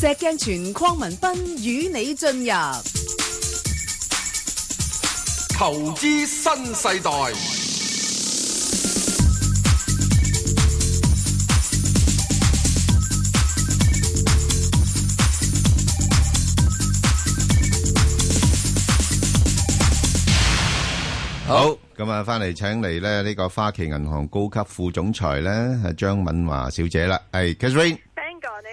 石鏡泉鄺文斌與你進入投資新世代。好，咁啊，翻嚟請嚟咧呢個花旗銀行高級副總裁咧係張敏華小姐啦，係 Catherine。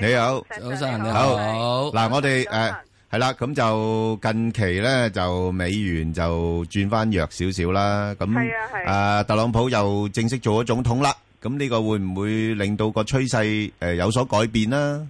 你好，早晨你好。你好嗱，我哋誒係啦，咁就近期咧就美元就轉翻弱少少啦。咁啊、呃，特朗普又正式做咗總統啦。咁呢個會唔會令到個趨勢誒有所改變啦？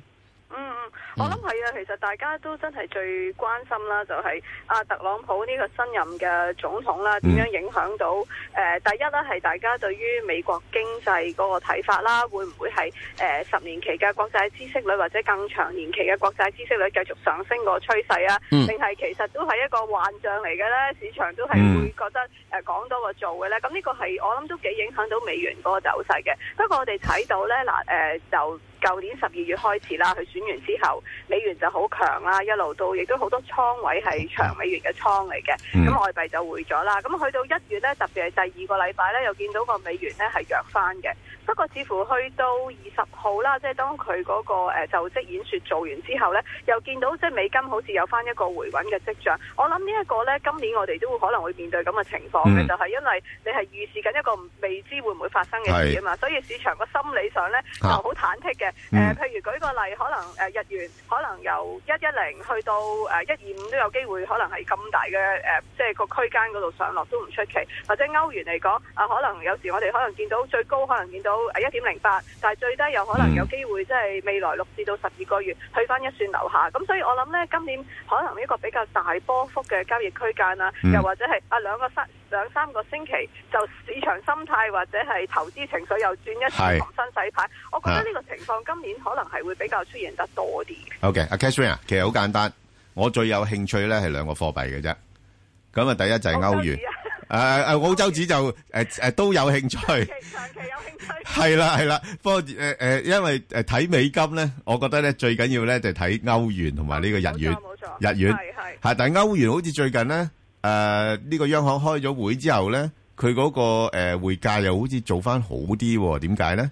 我諗係啊，其實大家都真係最關心啦，就係、是、阿、啊、特朗普呢個新任嘅總統啦，點樣影響到誒、呃？第一咧係大家對於美國經濟嗰個睇法啦，會唔會係誒、呃、十年期嘅國債孳息率或者更長年期嘅國債孳息率繼續上升個趨勢啊？定係、嗯、其實都係一個幻象嚟嘅咧？市場都係會覺得誒、呃、講多過做嘅咧？咁、嗯、呢個係我諗都幾影響到美元嗰個走勢嘅。不過我哋睇到咧嗱誒就。舊年十二月開始啦，佢選完之後，美元就好強啦，一路到亦都好多倉位係長美元嘅倉嚟嘅，咁、嗯、外幣就回咗啦。咁去到一月咧，特別係第二個禮拜咧，又見到個美元咧係弱翻嘅。不過似乎去到二十號啦，即係當佢嗰個誒就職演説做完之後咧，又見到即係美金好似有翻一個回穩嘅跡象。我諗呢一個咧，今年我哋都可能會面對咁嘅情況嘅，嗯、就係因為你係預示緊一個未知會唔會發生嘅事啊嘛。是所以市場個心理上咧就好忐忑嘅。啊。誒，譬、嗯呃、如舉個例，可能誒、呃、日元可能由一一零去到誒一二五都有機會，可能係咁大嘅誒，即、呃、係、就是、個區間嗰度上落都唔出奇。或者歐元嚟講，啊、呃、可能有時我哋可能見到最高可能見到一點零八，但係最低有可能有機會、嗯、即係未來六至到十二個月去翻一算樓下。咁所以我諗呢今年可能一個比較大波幅嘅交易區間啊，又或者係啊兩個三兩三個星期就市場心態或者係投資情緒又轉一轉重新洗牌。我覺得呢個情況。今年可能係會比較出現得多啲。OK，阿 Katherine，其實好簡單，我最有興趣咧係兩個貨幣嘅啫。咁啊，第一就係歐元。誒誒，澳洲紙就誒誒都有興趣。長期長期有興趣。係啦係啦，不過誒誒，因為誒睇美金咧，我覺得咧最緊要咧就係睇歐元同埋呢個日元。冇錯冇錯，日元係係。係但係歐元好似最近咧誒呢個央行開咗會之後咧，佢嗰個誒匯價又好似做翻好啲，點解咧？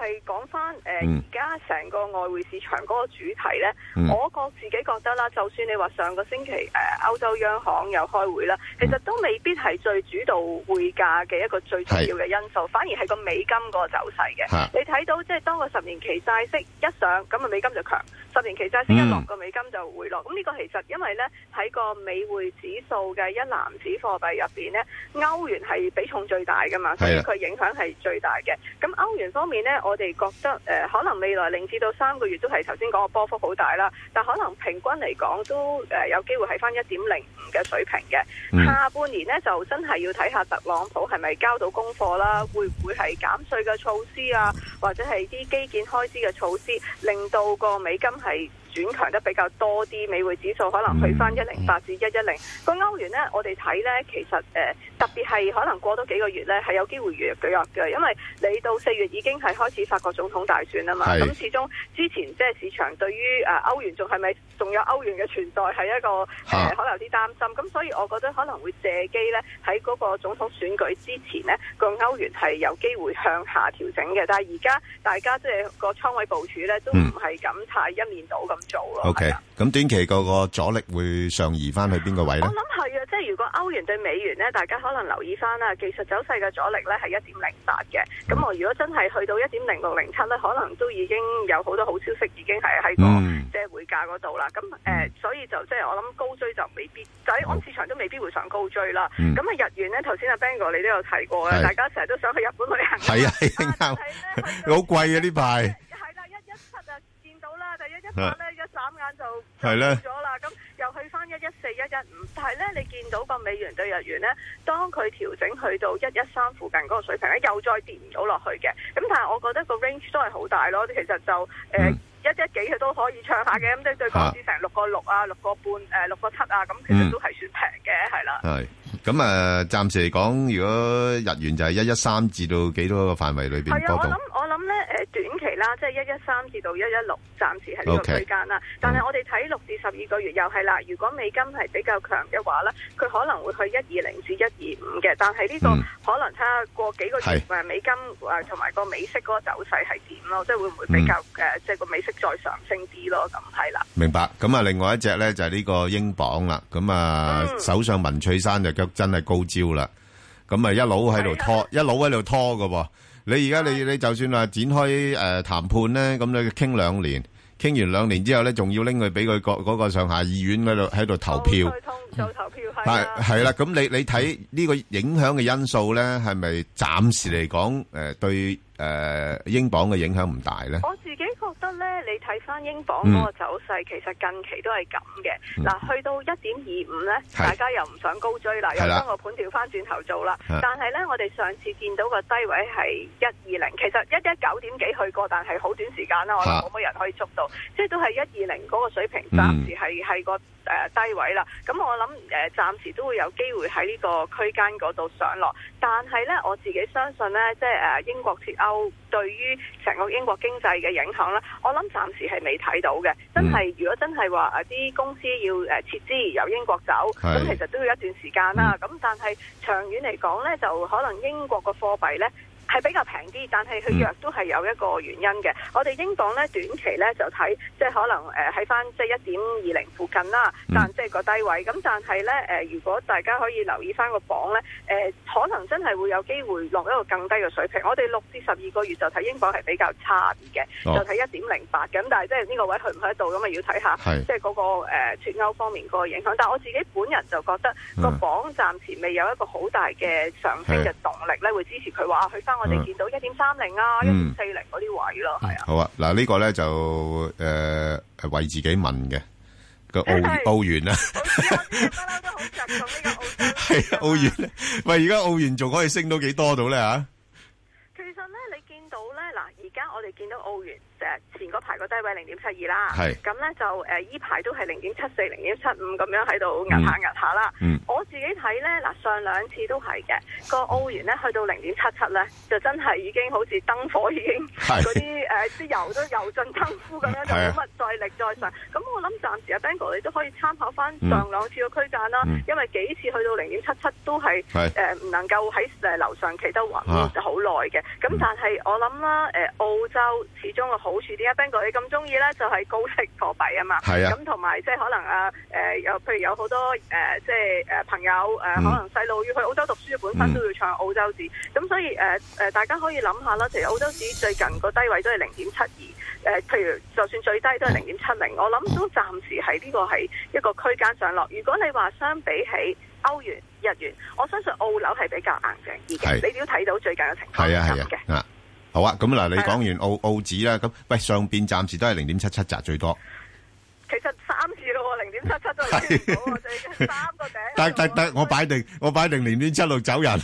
係講翻誒，而家成個外匯市場嗰個主題呢，嗯、我覺自己覺得啦，就算你話上個星期誒、呃，歐洲央行又開會啦，其實都未必係最主導匯價嘅一個最重要嘅因素，是反而係個美金個走勢嘅。哈你睇到即係當個十年期債息一上，咁、那、啊、個、美金就強；十年期債息一落，個美金就回落。咁呢個其實因為呢，喺個美匯指數嘅一籃子貨幣入邊呢，歐元係比重最大噶嘛，所以佢影響係最大嘅。咁的歐元方面呢。我哋覺得誒、呃，可能未來零至到三個月都係頭先講個波幅好大啦，但可能平均嚟講都誒、呃、有機會係翻一點零五嘅水平嘅。Mm. 下半年呢，就真係要睇下特朗普係咪交到功課啦，會唔會係減稅嘅措施啊，或者係啲基建開支嘅措施，令到個美金係，轉強得比較多啲，美匯指數可能去翻一零八至一一零。個歐元呢，我哋睇呢，其實誒、呃、特別係可能過多幾個月呢，係有機會越嚟越弱嘅，因為你到四月已經係開始法國總統大選啊嘛。咁是始終之前即係市場對於誒、啊、歐元仲係咪仲有歐元嘅存在係一個誒、呃、可能有啲擔心。咁、啊、所以我覺得可能會借機呢，喺嗰個總統選舉之前呢，個歐元係有機會向下調整嘅。但係而家大家即係個倉位部署呢，都唔係咁太一面倒咁。嗯做咯。OK. 咁短期嗰個阻力會上移翻去邊個位咧？我諗係啊，即係如果歐元對美元咧，大家可能留意翻啦，技術走勢嘅阻力咧係一點零八嘅。咁、嗯、我如果真係去到一點零六零七咧，可能都已經有好多好消息已經係喺個即係匯價嗰度啦。咁誒、嗯呃，所以就即係我諗高追就未必，就喺安市場都未必會上高追啦。咁啊、嗯，日元咧，頭先阿 Bang 哥你都有提過啊，嗯、大家成日都想去日本旅行，係啊，係好貴啊呢排。咧一眨眼就跌咗啦，咁又去翻一一四、一一五。但係咧你見到個美元對日元咧，當佢調整去到一一三附近嗰個水平咧，又再跌唔到落去嘅，咁但係我覺得個 range 都係好大咯，其實就誒一一幾佢都可以唱下嘅，咁即係對港紙成六個六啊，六個半誒六個七啊，咁其實都係算平嘅，係啦。咁啊，暫時嚟講，如果日元就係一一三至到幾多個範圍裏邊？係啊，我諗我諗咧，誒短期啦，即係一一三至到一一六，暫時係呢個區間啦。但係我哋睇六至十二個月又係啦，如果美金係比較強嘅話咧，佢可能會去一二零至一二五嘅。但係呢個可能睇下過幾個月誒美金誒同埋個美息嗰個走勢係點咯，即係會唔會比較誒即係個美息再上升啲咯？咁係啦。明白。咁啊，另外一隻咧就係呢個英鎊啦。咁啊，首相文翠珊就。真係高招啦！咁啊，一路喺度拖，的一路喺度拖嘅噃。你而家你你就算話展開誒談、呃、判咧，咁你傾兩年。傾完兩年之後咧，仲要拎佢俾佢嗰嗰個上下議院嗰度喺度投票。通就投票係。係係啦，咁你你睇呢個影響嘅因素咧，係咪暫時嚟講誒對誒英鎊嘅影響唔大咧？我自己覺得咧，你睇翻英鎊嗰個走勢，其實近期都係咁嘅。嗱，去到一點二五咧，大家又唔想高追啦，又將個盤調翻轉頭做啦。但係咧，我哋上次見到個低位係一二零，其實。去過，但係好短時間啦，我哋冇乜人可以捉到，啊、即係都係一二零嗰個水平，嗯、暫時係係個誒低位啦。咁我諗誒、呃，暫時都會有機會喺呢個區間嗰度上落。但係呢，我自己相信呢，即係誒、呃、英國脱歐對於成個英國經濟嘅影響呢，我諗暫時係未睇到嘅。真係，嗯、如果真係話誒啲公司要誒撤資由英國走，咁是其實都要一段時間啦。咁、嗯、但係長遠嚟講呢，就可能英國個貨幣呢。係比較平啲，但係佢弱都係有一個原因嘅。嗯、我哋英鎊咧短期咧就睇，即係可能誒喺翻即係一點二零附近啦，但即係個低位。咁但係咧誒，如果大家可以留意翻個鎊咧，誒、呃、可能真係會有機會落一個更低嘅水平。我哋六至十二個月就睇英鎊係比較差嘅，哦、就睇一點零八咁。但係即係呢個位去唔去得到，咁咪要睇下是即係嗰、那個誒脱歐方面個影響。但係我自己本人就覺得個鎊暫時未有一個好大嘅上升嘅動力咧，是會支持佢話、啊、去翻。嗯、我哋見到一點三零啊，一點四零嗰啲位咯，係啊。嗯、啊好啊，嗱、這個、呢個咧就誒，呃、為自己問嘅、這個澳元啊。我知我啲嘢不嬲都好集中呢個澳元。係、 啊、澳元，喂，而家澳元仲可以升到幾多到咧吓？其實咧，你見到咧，嗱，而家我哋見到澳元。誒前嗰排個低位零點七二啦，咁咧就誒依排都係零點七四、零點七五咁樣喺度壓下壓下啦。我自己睇咧，嗱，上兩次都係嘅，個澳元咧去到零點七七咧，就真係已經好似燈火已經嗰啲誒啲油都油盡燈枯咁樣，是就冇乜再力再上。咁是我諗暫時阿 Bengal 你都可以參考翻上兩次嘅區間啦，嗯、因為幾次去到零點七七都係誒唔能夠喺誒樓上企得穩好耐嘅。咁、嗯、但係我諗啦，誒、呃、澳洲始終好處啲啊，Ben 哥，你咁中意咧，就係、是、高息貨幣啊嘛。係啊的，咁同埋即係可能啊，誒，有譬如有好多誒，即係誒朋友誒，可能細路要去澳洲讀書，本身都要唱澳洲紙。咁、嗯、所以誒誒、呃，大家可以諗下啦。其實澳洲紙最近個低位都係零點七二，誒，譬如就算最低都係零點七零，我諗都暫時喺呢個係一個區間上落。如果你話相比起歐元、日元，我相信澳樓係比較硬淨啲嘅。係的，你都睇到最近嘅情況係啊係啊。好啊，咁嗱，你講完澳、啊、澳紙啦，咁喂上邊暫時都係零點七七咋，最多。其實三次咯，零點七七都係最 三個頂。得得得，我擺定我擺定零點七六走人。係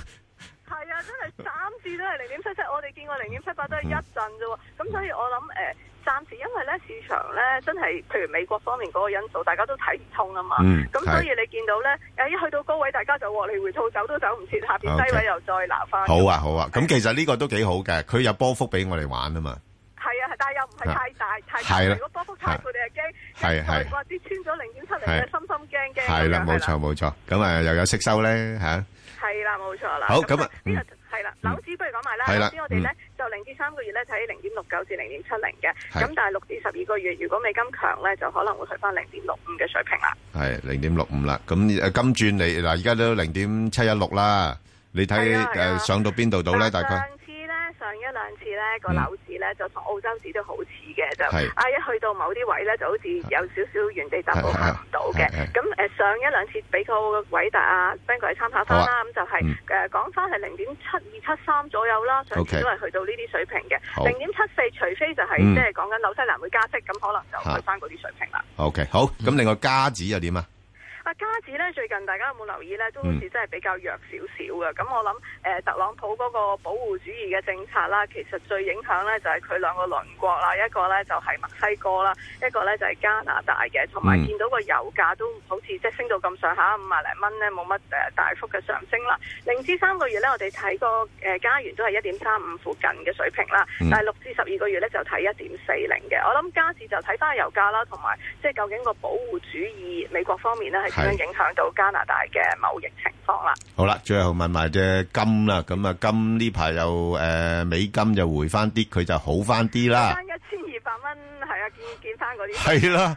啊，真係三次都係零點七七，我哋見過零點七八都係一陣啫喎，咁、嗯、所以我諗誒。欸暫時，因為咧市場咧真係，譬如美國方面嗰個因素，大家都睇唔通啊嘛。咁所以你見到咧，一去到高位，大家就獲利回吐走都走唔切，下邊低位又再拿翻。好啊，好啊。咁其實呢個都幾好嘅，佢有波幅俾我哋玩啊嘛。係啊，但係又唔係太大，太大，如果波幅太過你又驚。係係，或者穿咗零點七零嘅心心驚驚。係啦，冇錯冇錯。咁啊，又有息收咧嚇。係啦，冇錯啦。好，咁啊，呢個係啦，樓市不如講埋啦。係啦，先我哋咧。咧睇零點六九至零點七零嘅，咁但係六至十二個月，如果美金強咧，就可能會去翻零點六五嘅水平啦。係零點六五啦，咁誒金轉嚟嗱，而家都零點七一六啦，你睇誒上到邊度到咧？大概？上次咧個樓市咧就同澳洲市都好似嘅就，是啊一去到某啲位咧就好似有少少原地踏步行唔到嘅，咁誒上一兩次俾個偉大啊 Ben 哥嚟參考翻啦，咁、啊、就係誒講翻係零點七二七三左右啦，上次都係去到呢啲水平嘅，零點七四除非就係即係講緊紐西蘭會加息，咁、嗯、可能就可去翻嗰啲水平啦。OK 好，咁另外加紙又點啊？啊，加紙呢最近大家有冇留意呢？都好似真係比較弱少少嘅。咁我諗誒、呃，特朗普嗰個保護主義嘅政策啦，其實最影響呢就係、是、佢兩個鄰國啦，一個呢就係、是、墨西哥啦，一個呢就係、是、加拿大嘅。同埋見到個油價都好似即係升到咁上下五十零蚊呢冇乜誒大幅嘅上升啦。零至三個月呢，我哋睇個誒加元都係一點三五附近嘅水平啦。嗯、但係六至十二個月呢，就睇一點四零嘅。我諗加紙就睇返油價啦，同埋即係究竟個保護主義美國方面呢。係。影響到加拿大嘅貿易情況啦。好啦，最後問埋隻金啦。咁啊，金呢排又誒，美金就回翻啲，佢就好翻啲啦。翻一千二百蚊，係啊，見見翻嗰啲。係啦，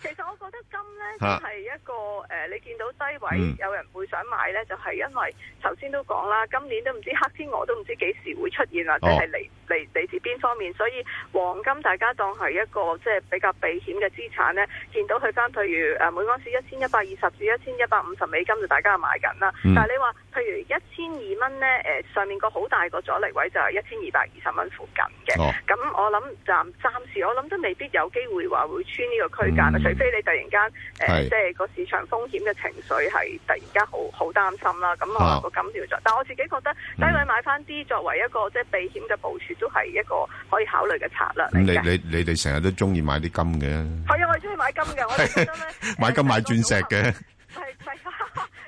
其實我覺得金咧係一個誒，你見到低位有人會想買咧，就係因為頭先都講啦，今年都唔知黑天鵝都唔知幾時會出現，或者係嚟嚟嚟。方面，所以黃金大家當係一個即係比較避險嘅資產呢，見到佢翻，譬如誒每安士一千一百二十至一千一百五十美金，就大家買緊啦。嗯、但係你話譬如一千二蚊呢，誒上面個好大個阻力位就係一千二百二十蚊附近嘅。哦，咁我諗暫暫時我諗都未必有機會話會穿呢個區間啊，嗯、除非你突然間誒是、呃、即係個市場風險嘅情緒係突然間好好擔心啦。咁啊個金跳咗，嗯、但我自己覺得低位買翻啲作為一個即係避險嘅部署，都係一個。可以考慮嘅策略。咁 你你你哋成日都中意買啲金嘅？係啊，我中意買金嘅。 我哋 買金買鑽石嘅。係，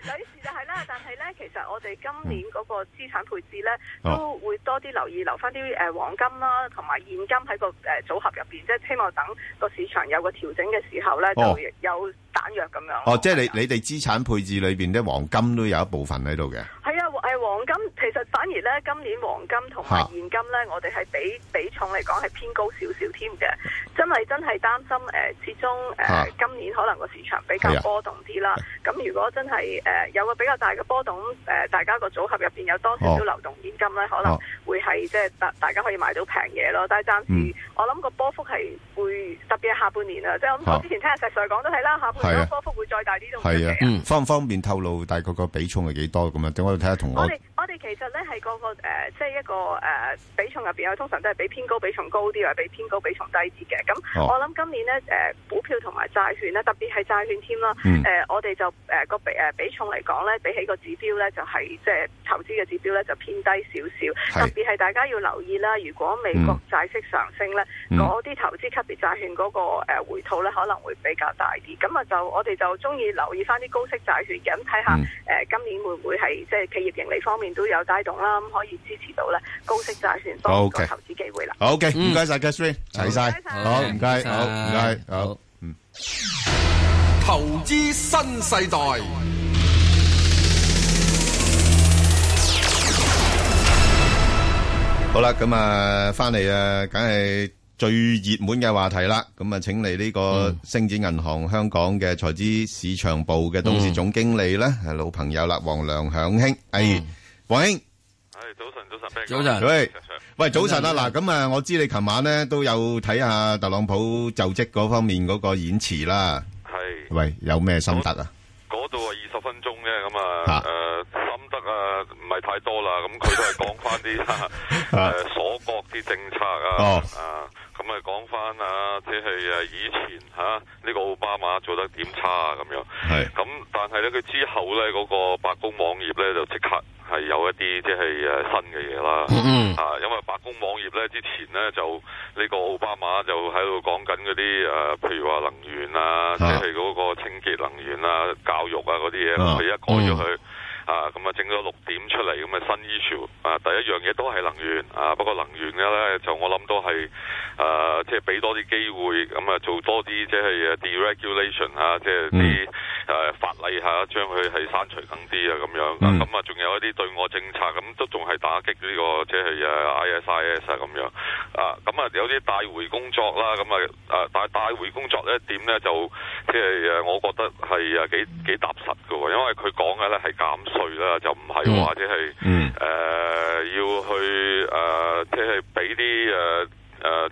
有啲事就係啦。但係咧，其實我哋今年嗰個資產配置咧，都會多啲留意留，留翻啲誒黃金啦，同埋現金喺、嗰個誒、呃、組合入邊，即係希望等個市場有個調整嘅時候咧，哦、就有彈藥咁樣。哦，即係、哦、你你哋資產配置裏邊啲黃金都有一部分喺度嘅。係啊。 嗯係黃金，其實反而咧今年黃金同埋現金咧，我哋係比比重嚟講係偏高少少添嘅。真係真係擔心誒，始終誒今年可能個市場比較波動啲啦。咁如果真係誒有個比較大嘅波動，誒大家個組合入邊有多少少流動現金咧，可能會係即係大大家可以買到平嘢咯。但係暫時我諗個波幅係會特別係下半年啦。即係我之前聽阿石 Sir 講都係啦，下半年個波幅會再大啲。係啊，方唔方便透露大概個比重係幾多咁樣？等我睇下同。我哋我哋其實咧係個個誒，即係一個誒比重入邊啊，通常都係比偏高比重高啲，或比偏高比重低啲嘅。咁我諗今年咧誒股票同埋債券咧，特別係債券添啦。誒、嗯呃、我哋就誒個比誒比重嚟講咧，比起個指標咧、就是，就係即係投資嘅指標咧，就偏低少少。是特別係大家要留意啦，如果美國債息上升咧，嗰啲、嗯、投資級別債券嗰個回吐咧，可能會比較大啲。咁啊就我哋就鍾意留意返啲高息債券，咁睇下誒今年會唔會係即係企業營。呢方面都有帶動啦，咁可以支持到咧高息債券多個投資機會啦。好嘅，唔該曬，Guest Wing，齊曬，好唔該，好唔該，好。嗯，投資新世代。好啦，咁啊，翻嚟啊，梗係，最熱門嘅話題啦，咁啊請嚟呢個星展銀行香港嘅財資市場部嘅董事總經理咧，係老朋友啦，黃良響兄王良享，哎，黃兄王，係早晨，早晨，早晨，喂，喂，早晨啊，嗱，咁啊，我知你琴晚咧都有睇下特朗普就職嗰方面嗰個演辭啦，係，喂，有咩心得啊？嗰度係二十分鐘啫，咁啊，誒，心得啊，唔係太多啦，咁佢都係講翻啲誒鎖國啲政策啊，啊。咁啊，講返啊，即係誒以前吓呢個奧巴馬做得點差啊咁樣。係。咁但係咧，佢之後咧嗰、嗰個白宮網頁咧就即刻係有一啲即係誒新嘅嘢啦。嗯。啊，因為白宮網頁咧之前咧就呢、呢個奧巴馬就喺度講緊嗰啲誒，譬如話能源啊，即係嗰個清潔能源啊、教育啊嗰啲嘢，佢、啊嗯、一改咗佢。嗯。啊，咁啊整咗六點出嚟咁啊新 issue，啊第一樣嘢都係能源，啊不過能源嘅咧就我諗都係誒即係俾多啲機會，咁啊做多啲即係係 de-regulation 啊，即係啲誒法例吓，將佢係刪除緊啲啊咁樣，咁啊仲、啊、有一啲對外政策咁都仲係打擊呢個即係誒 ISIS 啊咁樣，啊咁啊有啲帶回工作啦，咁啊誒，但係帶回工作咧點咧就即係誒，我覺得係啊幾幾踏實嘅喎，因為佢講嘅咧係減稅。去啦，就唔係或者係誒，要去誒，即係俾啲誒。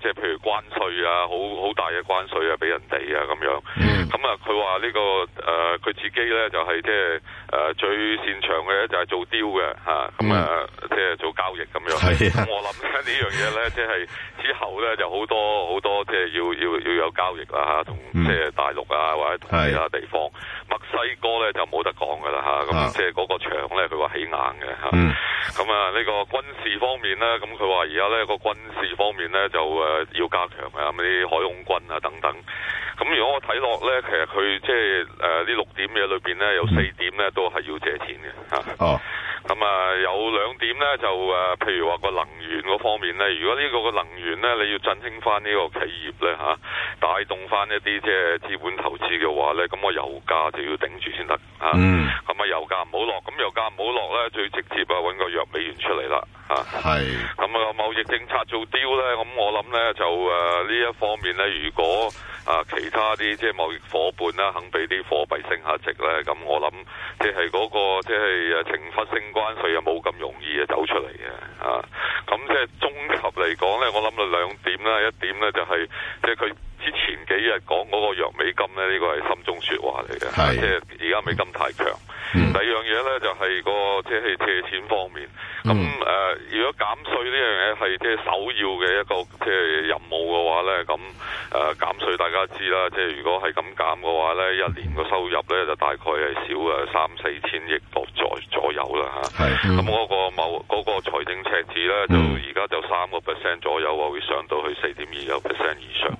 即係譬如關稅啊，好好大嘅關稅啊，俾人哋啊咁樣。咁啊，佢話呢個誒，佢自己咧就係即係誒最擅長嘅咧就係做 deal 嘅吓。咁啊，即係做交易咁樣。我諗呢樣嘢咧，即係之後咧就好多好多，即係要要要有交易啦吓，同即係大陸啊或者同其他地方。墨西哥咧就冇得講噶啦吓，咁即係嗰個牆咧佢話起硬嘅吓。咁啊呢個軍事方面咧，咁佢話而家咧個軍事方面咧就。誒、呃，要加強啊！咁啲海空軍啊，等等。咁、嗯、如果我睇落咧，其實佢即係誒，呢、呃、六點嘢裏邊咧，有四點咧都係要借錢嘅吓。嗯、哦。咁啊，嗯、 有兩點咧，就誒，譬如話個能源嗰方面咧，如果呢個個能源咧，你要振興翻呢個企業咧嚇，帶、啊、動翻一啲即係資本投資嘅話咧，咁個油價就要頂住先得嚇。咁啊，嗯、油價唔好落，咁油價唔好落咧，最直接啊揾個弱美元出嚟啦啊。係是。咁啊，貿易政策做刁咧，咁我諗咧就誒呢、呃、一方面咧，如果啊、呃、其他啲即係貿易夥伴啦肯俾啲貨幣升下值咧，咁我諗即係嗰個即係誒懲罰性。就是關稅又冇咁容易啊走出嚟嘅啊，咁即係綜合嚟講呢，我諗佢兩點啦，一點呢就係、是、即係佢之前幾日講嗰個弱美金呢呢、呢個係心中說話嚟嘅是、啊，即係而家美金太強。嗯嗯、第二樣嘢咧就係、是那個即係借錢方面，咁誒、呃，如果減稅呢樣嘢係即係首要嘅一個即係、就是、任務嘅話咧，咁誒減稅大家知啦，即、就、係、是、如果係咁減嘅話咧，一年個收入咧就大概係少誒三四千億個左左右啦吓。咁、啊、嗰、嗯、個某、那個財政赤字咧，就而家就三個 percent 左右啊，會上到去四點二個 percent 以上。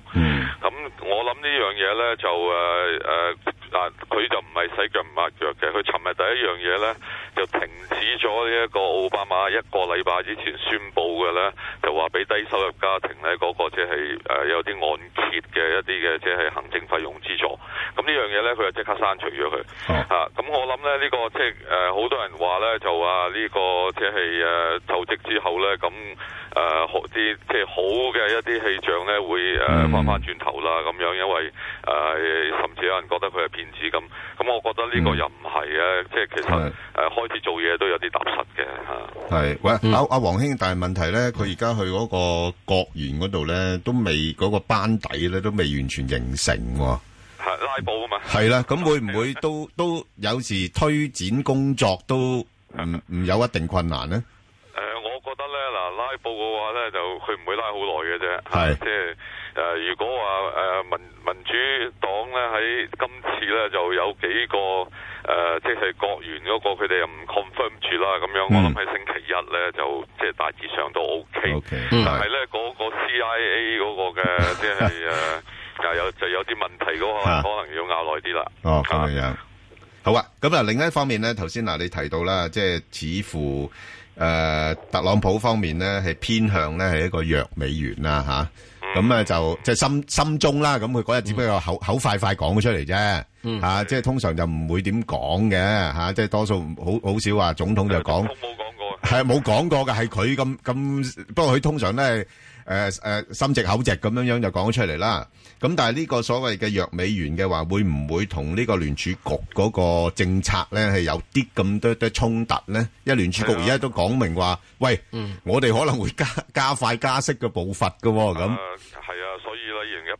咁、嗯、我諗呢樣嘢咧就誒誒。呃呃嗱，佢就唔係洗腳唔抹腳嘅。佢尋日第一樣嘢呢，就停止咗呢一個奧巴馬一個禮拜之前宣佈嘅呢，就話俾低收入家庭呢嗰、那個即係誒有啲按揭嘅一啲嘅即係行政費用資助。咁呢樣嘢呢，佢就即刻刪除咗佢。嚇、哦，咁、啊、我諗咧呢、這個即係誒好多人話呢，就話呢、這個即係誒就職、是啊、之後呢，咁誒、呃就是、好啲即係好嘅一啲氣象呢，會誒翻翻轉頭啦咁樣，因為誒、呃、甚至有人覺得佢係。電子咁，咁我覺得呢個又唔係啊。即係其實誒開始做嘢都有啲踏實嘅嚇。係，喂，阿阿王兄，但係問題咧，佢而家去嗰個國元嗰度咧，都未嗰、嗰個班底咧，都未完全形成喎。嗯、拉布啊嘛。係啦，咁會唔會都 都有時推展工作都唔唔有一定困難咧？誒、呃，我覺得咧，嗱，拉布嘅話咧，就佢唔會拉好耐嘅啫。係是，即係。就是誒、呃，如果話誒、呃、民民主黨咧喺今次咧就有幾個誒、呃，即係國員嗰、那個，佢哋又唔 confirm 住啦。咁樣、嗯、我諗喺星期一咧就即係大致上都 OK, okay、嗯。但係咧嗰個 CIA 嗰個嘅即係誒，就是呃、 有就有啲問題，嗰個可能要拗耐啲啦。哦，咁樣、啊。好啊。咁啊，另一方面咧，頭先嗱你提到啦，即係似乎誒、呃、特朗普方面咧係偏向咧係一個弱美元啦嚇。啊咁啊，就即係心心中啦。咁佢嗰日只不過口、嗯、口，口快快講咗出嚟啫。嚇、嗯啊，即係通常就唔會點講嘅。嚇、啊，即係多數好好少話總統就講。總統冇講過。係冇講過嘅，係佢咁咁。不過佢通常咧。誒誒心直口直咁樣樣就講咗出嚟啦，咁但係呢個所謂嘅弱美元嘅話，會唔會同呢個聯儲局嗰個政策咧係有啲咁多多衝突咧？因為聯儲局而家都講明話，喂，嗯、我哋可能會加加快加息嘅步伐㗎喎、哦，咁。Uh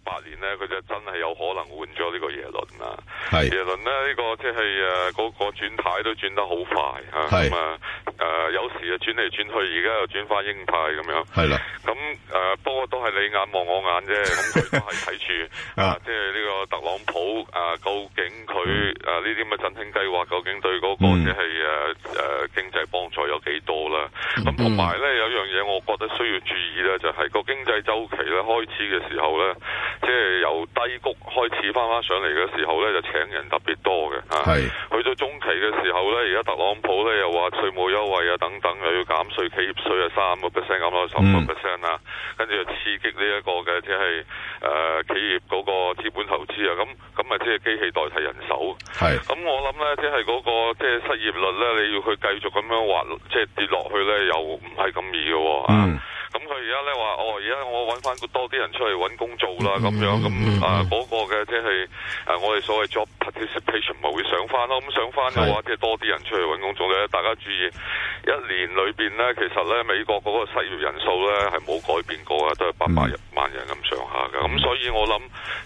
八年呢，佢就真係有可能換咗呢個耶倫啦。是耶倫呢，呢、這個即係誒嗰個轉態都轉得好快嚇。咁啊誒是、啊，有時啊轉嚟轉去，而家又轉翻鷹派咁樣。係啦的，咁誒、啊、不過都係你眼望我眼啫。咁佢都係睇住啊，即係呢個特朗普啊，究竟佢、嗯、啊呢啲咁嘅振興計劃，究竟對嗰、那個即係誒誒經濟幫助有幾多啦？咁同埋呢，有樣嘢，我覺得需要注意咧，就係、是、個經濟周期咧開始嘅時候呢。即係由低谷開始翻返上嚟嘅時候呢，就請人特別多嘅吓是、啊。去到中期嘅時候呢，而家特朗普呢又話稅務優惠啊等等又要減稅，企業稅啊三個 percent 咁咯，十個 percent 啦，跟住就刺激呢一個嘅即係誒企業嗰個資本投資啊，咁咁咪即係機器代替人手。係咁是我諗呢，即係嗰個即係、就是、失業率呢，你要去繼續咁樣滑，即、就、係、是、跌落去呢，又唔係咁易嘅喎、啊。嗯咁佢而家咧話，哦，而家我揾翻多啲人出嚟揾工做啦、嗯，咁樣咁、嗯嗯、啊，嗰、那個嘅即係啊，我哋所謂 job participation 咪會上翻咯。咁上翻嘅話，即係多啲人出嚟揾工做咧。大家注意，一年裏邊咧，其實咧美國嗰個失業人數咧係冇改變過嘅，都係八百萬人咁上下嘅。咁、嗯、所以我諗，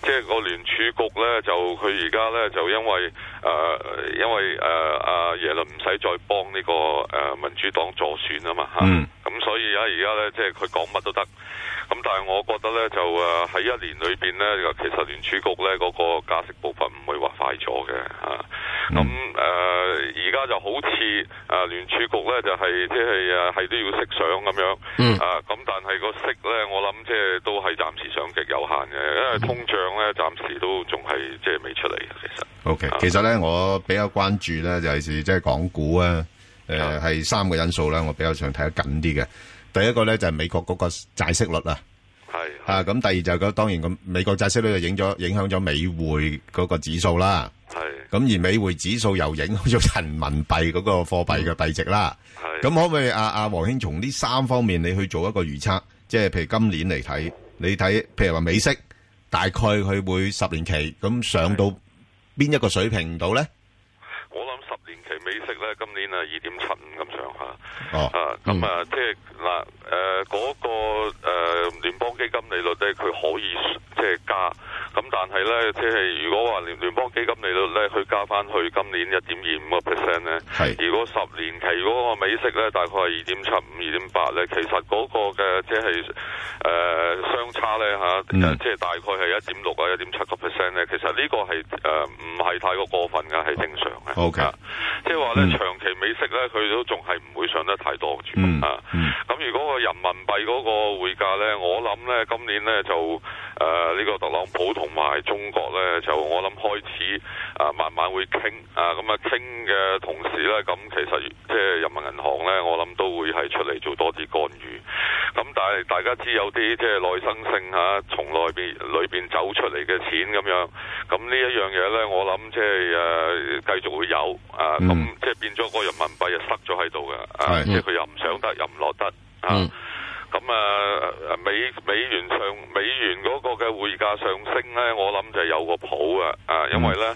即係個聯儲局咧，就佢而家咧就因為誒、呃，因為誒阿、呃啊、耶倫唔使再幫呢、這個誒、啊、民主黨助選啊嘛嚇。嗯咁、嗯、所以而家而家咧，即係佢講乜都得。咁但係我覺得咧，就誒喺一年裏邊咧，其實聯儲局咧嗰個加息部分唔會話快咗嘅啊。咁誒而家就好似誒、啊、聯儲局咧，就係即係誒係都要息相咁樣、嗯、啊。咁但係個息咧，我諗即係都係暫時上極有限嘅，因為通脹咧暫時都仲係即係未出嚟嘅。其實，OK、嗯、其實咧我比較關注咧就係即係港股啊。誒，係三個因素啦，我比較想睇得緊啲嘅。第一個咧就係美國嗰個債息率啦，係啊，咁第二就係個當然咁，美國債息率就影咗影響咗美匯嗰個指數啦，係咁而美匯指數又影響咗人民幣嗰個貨幣嘅幣值啦，係咁可唔可以？阿阿王兄從呢三方面你去做一個預測，即係譬如今年嚟睇，你睇譬如話美息大概佢會十年期咁上到邊一個水平度咧？息咧，今年、哦、啊，二點七五咁上下，啊咁啊即係嗱誒嗰個誒、呃、聯邦基金利率咧，佢可以即係加。咁但係咧，即係如果話聯聯邦基金利率咧，佢加翻去今年一點二五個 percent 咧。係。係如果十年期嗰個美息咧，大概係二點七五、二點八咧，其實嗰個嘅即係誒相差咧嚇，即、啊、係、即係、大概係一點六啊、一點七個 percent 咧。其實呢個係誒唔係太過過分嘅，係正常嘅。OK、啊。即係話咧，長期、嗯。美息咧，佢都仲係唔會上得太多住啊！咁如果個人民幣嗰個匯價咧，我諗咧今年咧就誒呢、呃呢個特朗普同埋中國咧就我諗開始啊慢慢會傾啊！咁啊傾嘅同時咧，咁其實即係、呃、人民銀行咧，我諗都會係出嚟做多啲干預。咁但係大家知有啲即係內生性吓，從內邊裏邊走出嚟嘅錢咁樣，咁呢一樣嘢咧，我諗即係誒、呃、繼續會有啊！咁即係變咗嗰樣。人民幣又塞咗喺度嘅，唉，即係佢又唔上得，又唔落得。咁、嗯、啊，美美元上美元嗰個嘅匯價上升咧，我諗就有個譜嘅，啊，因為咧。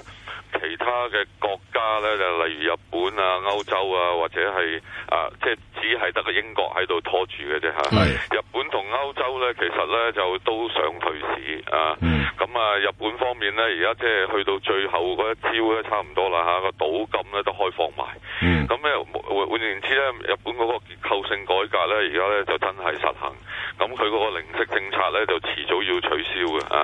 其他嘅國家咧就例如日本啊、歐洲啊，或者係啊，即係只係得個英國喺度拖住嘅啫嚇。的日本同歐洲咧，其實咧就都想退市啊。咁啊、嗯嗯，日本方面咧，而家即係去到最後嗰一招咧，差唔多啦嚇。個賭禁咧都開放埋。咁咧、嗯嗯、換言之咧，日本嗰個結構性改革咧，而家咧就真係實行。咁佢嗰個零息政策咧，就遲早要取消嘅啊。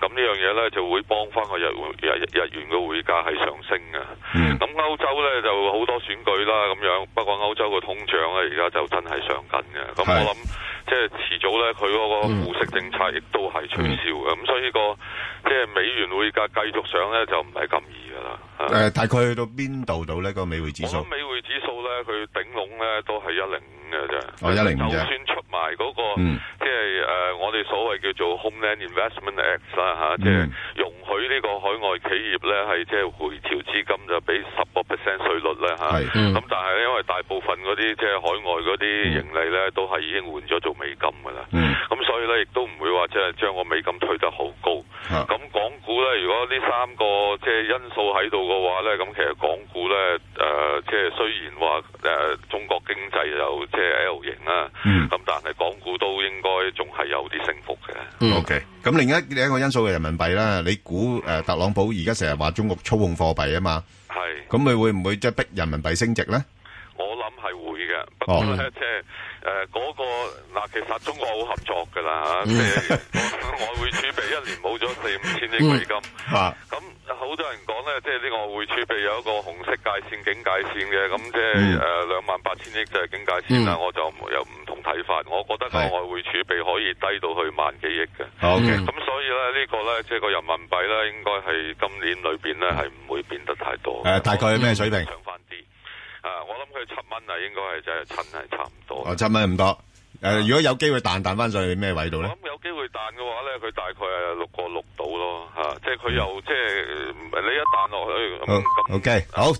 咁的、嗯、呢樣嘢咧就會幫翻個日日日，日，日，日元嘅匯價係上升嘅，咁歐、嗯、洲咧就好多選舉啦咁樣。不過歐洲個通脹咧，而家就真係上緊嘅。咁是我諗，即係遲早咧，佢嗰個護息政策亦都係取消嘅。咁、嗯嗯、所以、這個即係、就是、美元匯價繼續上咧，就唔係咁易噶啦。誒、呃、大概、啊、去到邊度度呢？那個美匯指數？美匯指數咧，佢頂籠咧都係一零五嘅啫。一零、哦、就算出埋嗰、那個，即係誒，我哋所謂叫做 Homeland Investment Act 啦、啊、吓，即係用。就是佢呢個海外企業咧，係即係回調資金就俾十個 percent 稅率咧嚇。咁、嗯、但係因為大部分嗰啲即係海外嗰啲盈利咧，都係已經換咗做美金噶啦。咁、嗯、所以咧，亦都唔會話即係將個美金推得好高。咁港股咧，如果呢三個即係因素喺度嘅話咧，咁其實港股咧誒，即係雖然話誒中國經濟有即係 L 型啦，嗯，咁但係港股都應該仲係有啲升幅嘅。OK，咁另一另一個因素係人民幣啦，你估誒特朗普而家成日話中國操控貨幣啊嘛。係，咁你會唔會即係逼人民幣升值咧？我諗係會。不過咧，即係誒，嗰個嗱，其實中國好合作噶啦吓，即係、嗯、外匯儲備一年冇咗四五千億美金。吓咁、嗯啊、好多人講咧，即係呢個外匯儲備有一個紅色界線、警戒線嘅，咁即係誒兩萬八千億就係警戒線啦。嗯、我就唔會有唔同睇法，我覺得個外匯儲備可以低到去萬幾億嘅。好嘅、嗯，咁、okay, 所以咧呢個咧，即係個人民幣咧，應該係今年裏邊咧係唔會變得太多。誒、嗯，嗯、大概咩水平？哦呃、啊！我諗佢七蚊啊，應該係真係趁係差唔多。啊，七蚊咁多。誒、嗯，如果有機會彈彈翻上去咩位度咧？我諗有機會彈嘅話咧，佢大概係六個六度咯。吓，即係佢又即係你一彈落去。嗯，O K，好。